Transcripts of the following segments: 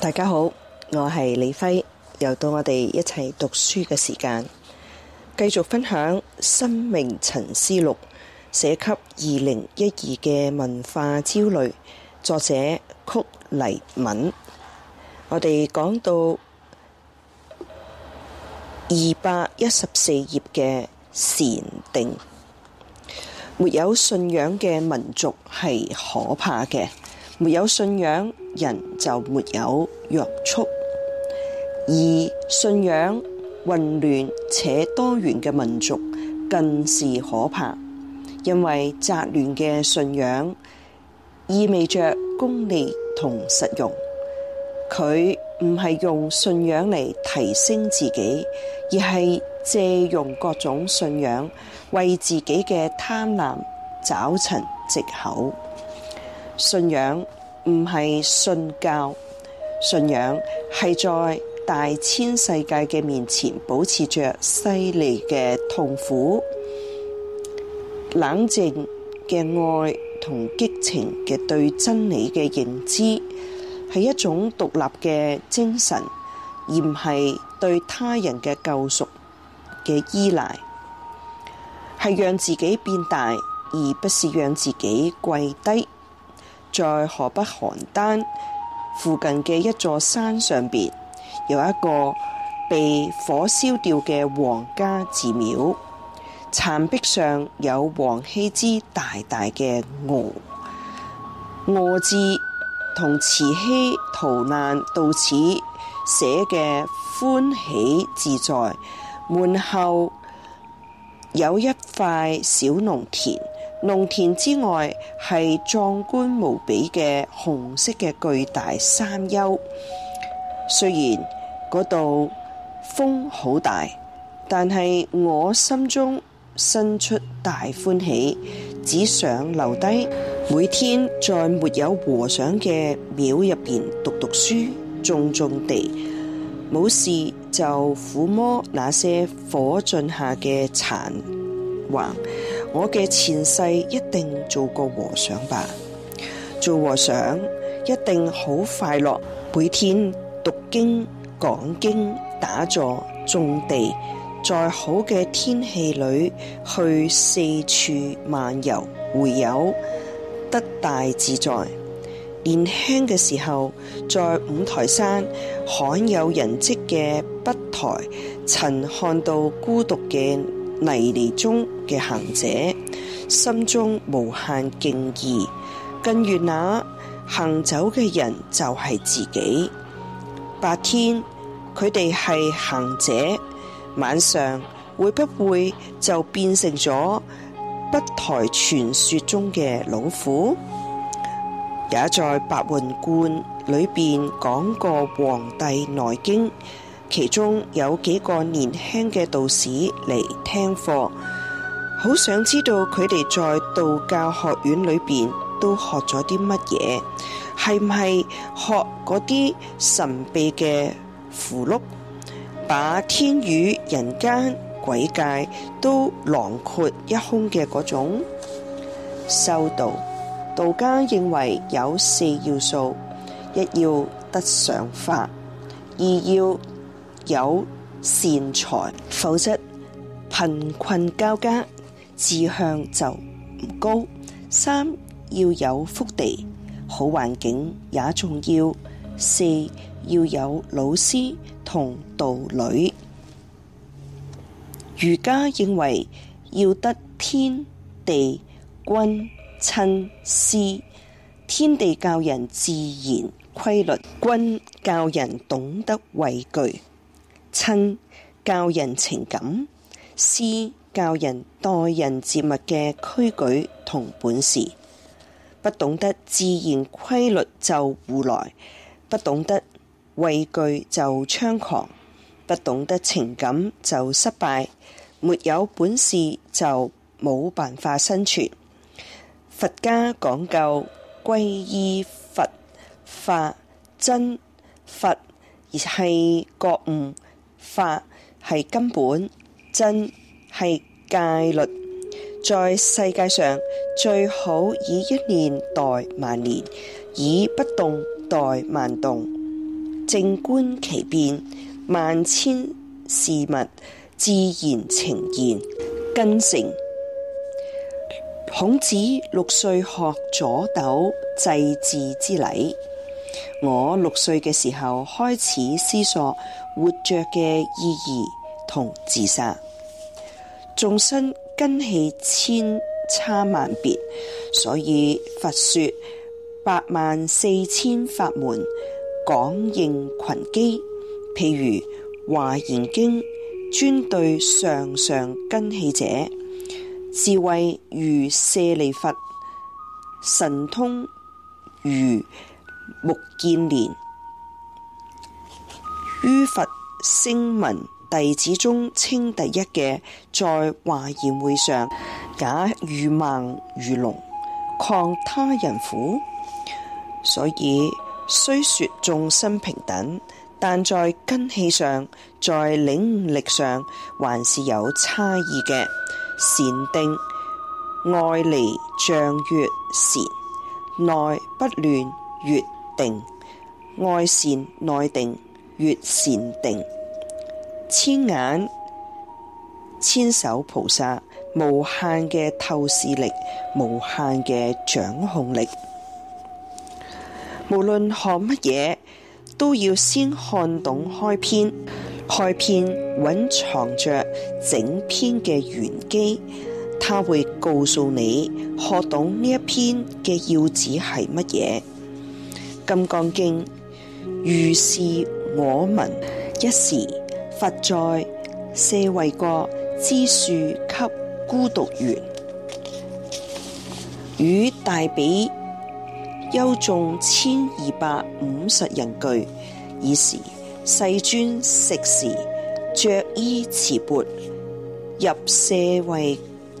大家好，我係李輝，又到我哋一齊讀書嘅時間，繼續分享《生命沉思錄》寫給二零一二嘅文化焦慮，作者曲黎敏。我哋講到二百一十四頁嘅禪定，沒有信仰嘅民族係可怕嘅。沒有信仰，人就沒有約束；而信仰混亂且多元嘅民族，更是可怕，因為雜亂嘅信仰意味着功利同實用。佢唔係用信仰嚟提升自己，而係借用各種信仰為自己嘅貪婪找尋藉口。信仰唔係信教，信仰係在大千世界嘅面前，保持着犀利嘅痛苦、冷靜嘅愛同激情嘅對真理嘅認知，係一種獨立嘅精神，而唔係對他人嘅救贖嘅依賴，係讓自己變大，而不是讓自己跪低。在河北邯鄲附近嘅一座山上邊，有一個被火燒掉嘅皇家寺廟，殘壁上有王羲之大大嘅“鵝”，“鵝”字同慈禧逃難到此寫嘅歡喜自在。門後有一塊小農田。農田之外，係壯觀無比嘅紅色嘅巨大山丘。雖然嗰度風好大，但係我心中生出大歡喜，只想留低，每天在沒有和尚嘅廟入邊讀讀書、種種地，冇事就撫摸那些火燼下嘅殘垣。我嘅前世一定做過和尚吧？做和尚一定好快樂，每天讀經、講經、打坐、種地，在好嘅天氣裏去四處漫遊、會友，得大自在。年輕嘅時候，在五台山罕有人迹嘅北台，曾看到孤獨嘅泥濘中嘅行者，心中無限敬意。更願那行走嘅人就係自己。白天佢哋係行者，晚上會不會就變成咗北台傳說中嘅老虎？也在白雲觀裏邊講過《黃帝內經》。其中有幾個年輕嘅道士嚟聽課，好想知道佢哋在道教學院裏邊都學咗啲乜嘢，係唔係學嗰啲神秘嘅符籙，把天宇、人間、鬼界都囊括一空嘅嗰種修道？道家認為有四要素：一要得上法，二要。有善財，否則貧困交加，志向就唔高。三要有福地，好環境也重要。四要有老師同道侶。儒家認為要得天地君親師，天地教人自然規律，君教人懂得畏懼。親教人情感，師教人待人接物嘅規矩同本事。不懂得自然規律就胡來，不懂得畏懼就猖狂，不懂得情感就失敗，沒有本事就冇辦法生存。佛家講究皈依佛，法真佛，而係覺悟。法係根本，真係戒律。在世界上最好以一年待萬年，以不動待萬動，靜觀其變，萬千事物自然呈現。根成。孔子六歲學咗斗祭祀之禮。我六歲嘅時候開始思索活着嘅意義同自殺。眾生根器千差萬別，所以佛說八萬四千法門廣應群機。譬如華嚴經專對上上根器者，智慧如舍利弗，神通如。目犍連於佛聲聞弟子中稱第一嘅，在華嚴會上也如盲如聾，況他人苦。所以雖說眾生平等，但在根器上，在領悟力上，還是有差異嘅。禪定，外離相曰禪，內不亂曰。定外善內定，越善定，千眼千手菩薩，無限嘅透視力，無限嘅掌控力。無論學乜嘢，都要先看懂開篇，開篇蘊藏着整篇嘅玄機，他會告訴你學懂呢一篇嘅要旨係乜嘢。《金剛經》，如是我聞，我聞一時，佛在舍衛國祇樹給孤獨園，與大比丘眾千二百五十人俱。以時，世尊食時，着衣持鉢，入舍衛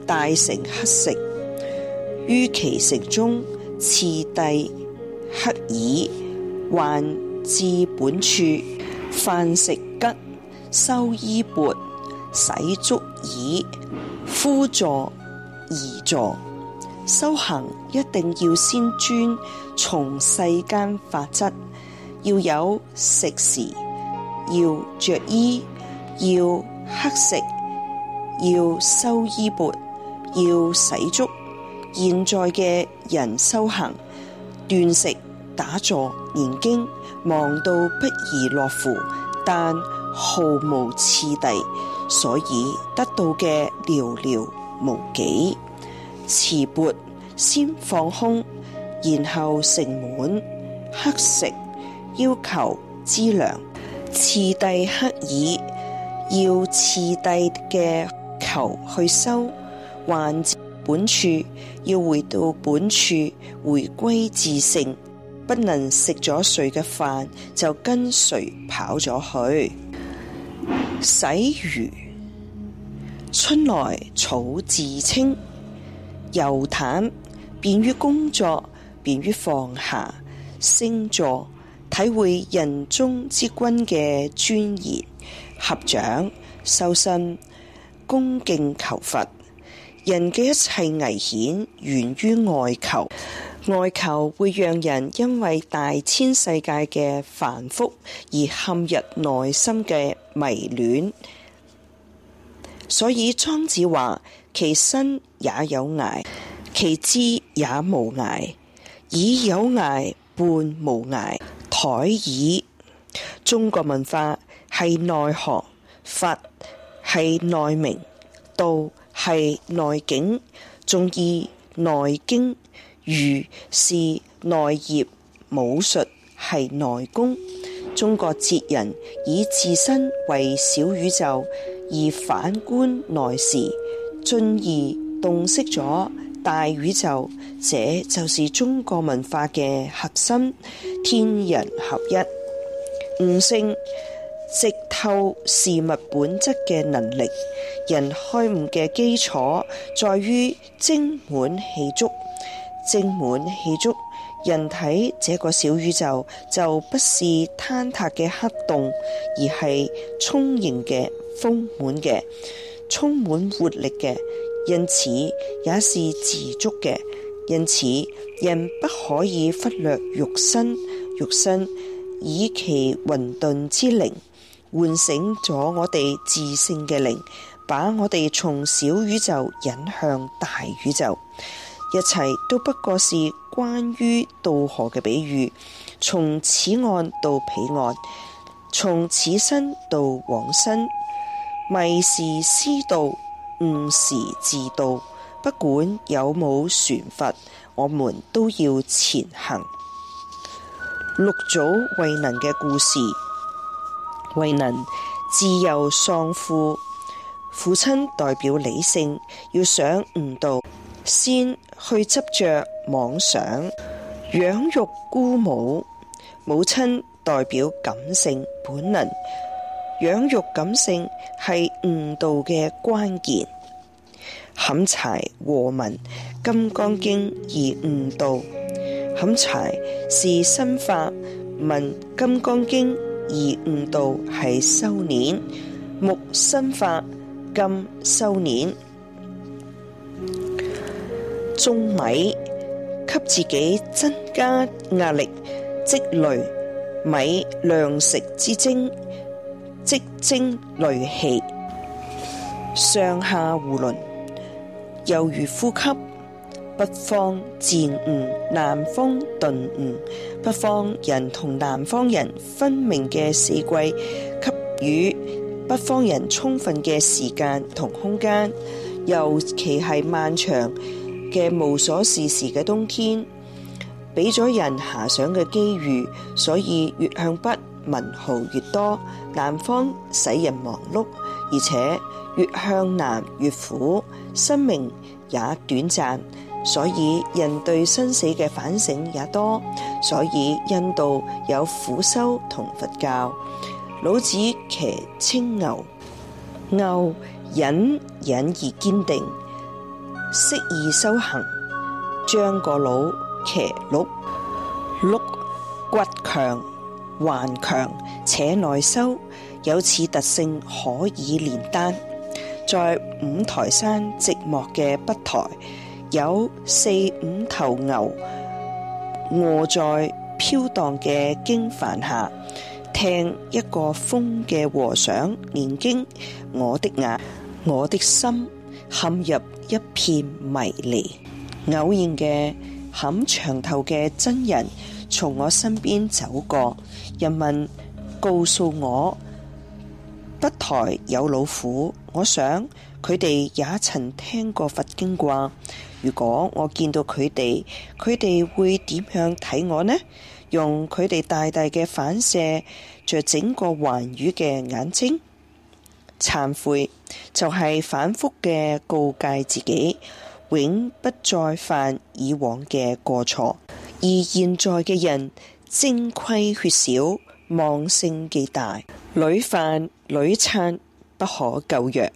大城乞食。於其城中，次第。乞耳還至本處，飯食吉，收衣缽，洗足矣。敷座而坐，修行一定要先尊從世間法則，要有食時，要着衣，要乞食，要收衣缽，要洗足。現在嘅人修行。斷食、打坐、念經，忙到不亦樂乎，但毫無次第，所以得到嘅寥寥無幾。持缽先放空，然後盛滿，乞食要求資糧，次第乞已要次第嘅求去收，還。本處要回到本處，回歸自性，不能食咗誰嘅飯就跟誰跑咗去。洗魚春來草自清，柔坦便於工作，便於放下。星座體會人中之君嘅尊嚴，合掌修身恭敬求佛。人嘅一切危險源於外求，外求會讓人因為大千世界嘅繁複而陷入內心嘅迷戀，所以莊子話：其身也有涯，其知也無涯，以有涯伴無涯，殆矣。中國文化係內河，佛係內明道。係內景，仲要內經、儒釋內業武術係內功。中國哲人以自身為小宇宙而反觀內視，進而洞悉咗大宇宙。這就是中國文化嘅核心：天人合一、悟性。直透事物本質嘅能力，人開悟嘅基礎在於精滿氣足。精滿氣足，人體這個小宇宙就不是坍塌嘅黑洞，而係充盈嘅、豐滿嘅、充滿活力嘅，因此也是自足嘅。因此，人不可以忽略肉身，肉身以其混沌之靈。喚醒咗我哋自性嘅靈，把我哋從小宇宙引向大宇宙。一切都不過是關於渡河嘅比喻，從此岸到彼岸，從此生到往生。迷時思道，悟時自道。不管有冇船筏，我們都要前行。六祖慧能嘅故事。惠能自幼喪父，父親代表理性，要想悟道，先去執着妄想；養育孤母，母親代表感性本能。養育感性係悟道嘅關鍵。砍柴和聞《金剛經》而悟道，砍柴是新法，聞《金剛經》。而悟道係修煉木生發，金修煉種米，給自己增加壓力，積累米糧食之精，積精累氣，上下互輪，猶如呼吸。北方漸悟，南方頓悟。北方人同南方人分明嘅四季，給予北方人充分嘅時間同空間，尤其係漫長嘅無所事事嘅冬天，俾咗人遐想嘅機遇。所以越向北文豪越多，南方使人忙碌，而且越向南越苦，生命也短暫，所以人對生死嘅反省也多。所以印度有苦修同佛教，老子騎青牛，牛隱隱而堅定，適意修行。張果老騎鹿，鹿骨強、頑強且內收，有此特性可以煉丹。在五台山寂寞嘅北台，有四五頭牛。臥在飄蕩嘅經幡下，聽一個瘋嘅和尚念經，我的眼，我的心陷入一片迷離。偶然嘅，砍牆頭嘅真人從我身邊走過，人們告訴我：北台有老虎。我想佢哋也曾聽過佛經啩。如果我見到佢哋，佢哋會點樣睇我呢？用佢哋大大嘅反射着整個寰宇嘅眼睛，懺悔就係、是、反覆嘅告戒自己，永不再犯以往嘅過錯。而現在嘅人，精虧血少，妄性嘅大女犯女嗔，不可救藥。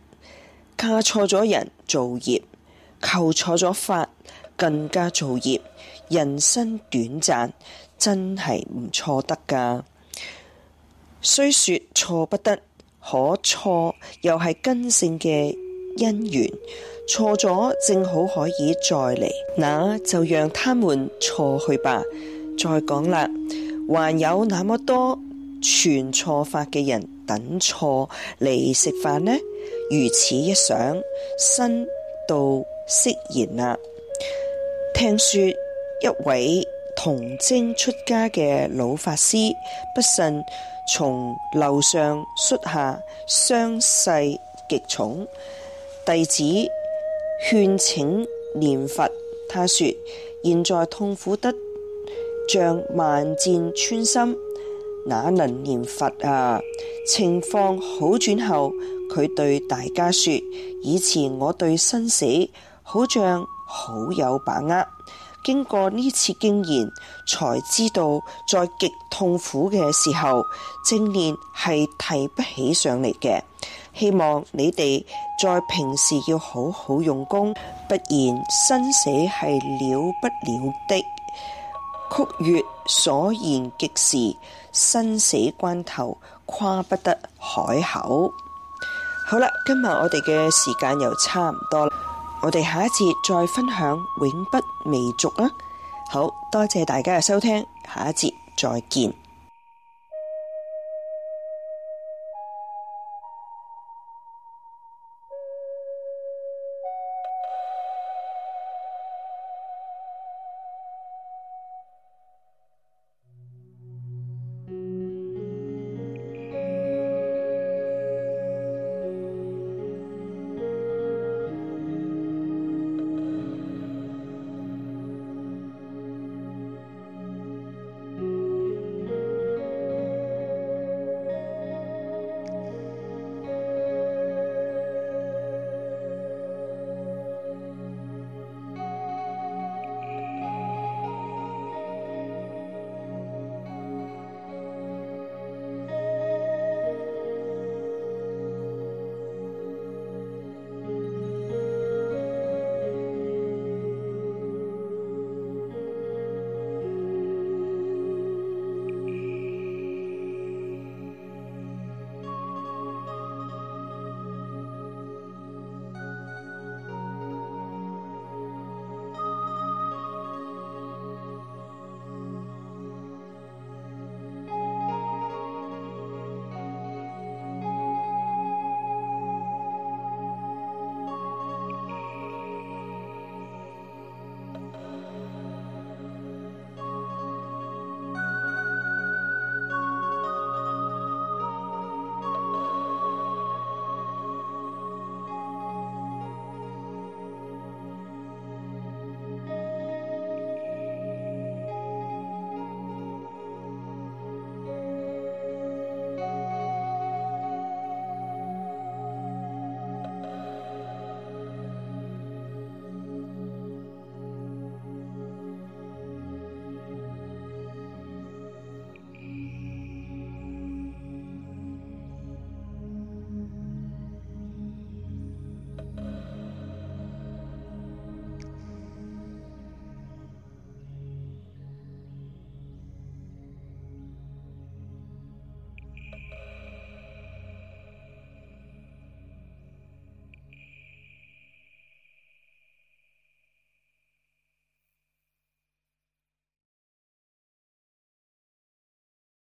嫁錯咗人，造業。求錯咗法，更加造業。人生短暫，真係唔錯得㗎。雖說錯不得，可錯又係根性嘅因緣。錯咗，正好可以再嚟。那就讓他們錯去吧。再講啦，還有那麼多全錯法嘅人等錯嚟食飯呢？如此一想，身道。釋言啦。聽說一位童貞出家嘅老法師不慎從樓上摔下，傷勢極重。弟子勸請念佛，他說：現在痛苦得像萬箭穿心，哪能念佛啊？情況好轉後，佢對大家說：以前我對生死。好像好有把握。經過呢次經驗,才知道在極痛苦嘅時候，正念係提不起上嚟嘅。希望你哋在平時要好好用功，不然生死係了不了的。曲月所言極是，生死關頭誇不得海口。好啦，今日我哋嘅時間又差唔多啦。我哋下一節再分享，永不媚俗啦。好多謝大家嘅收聽，下一節再見。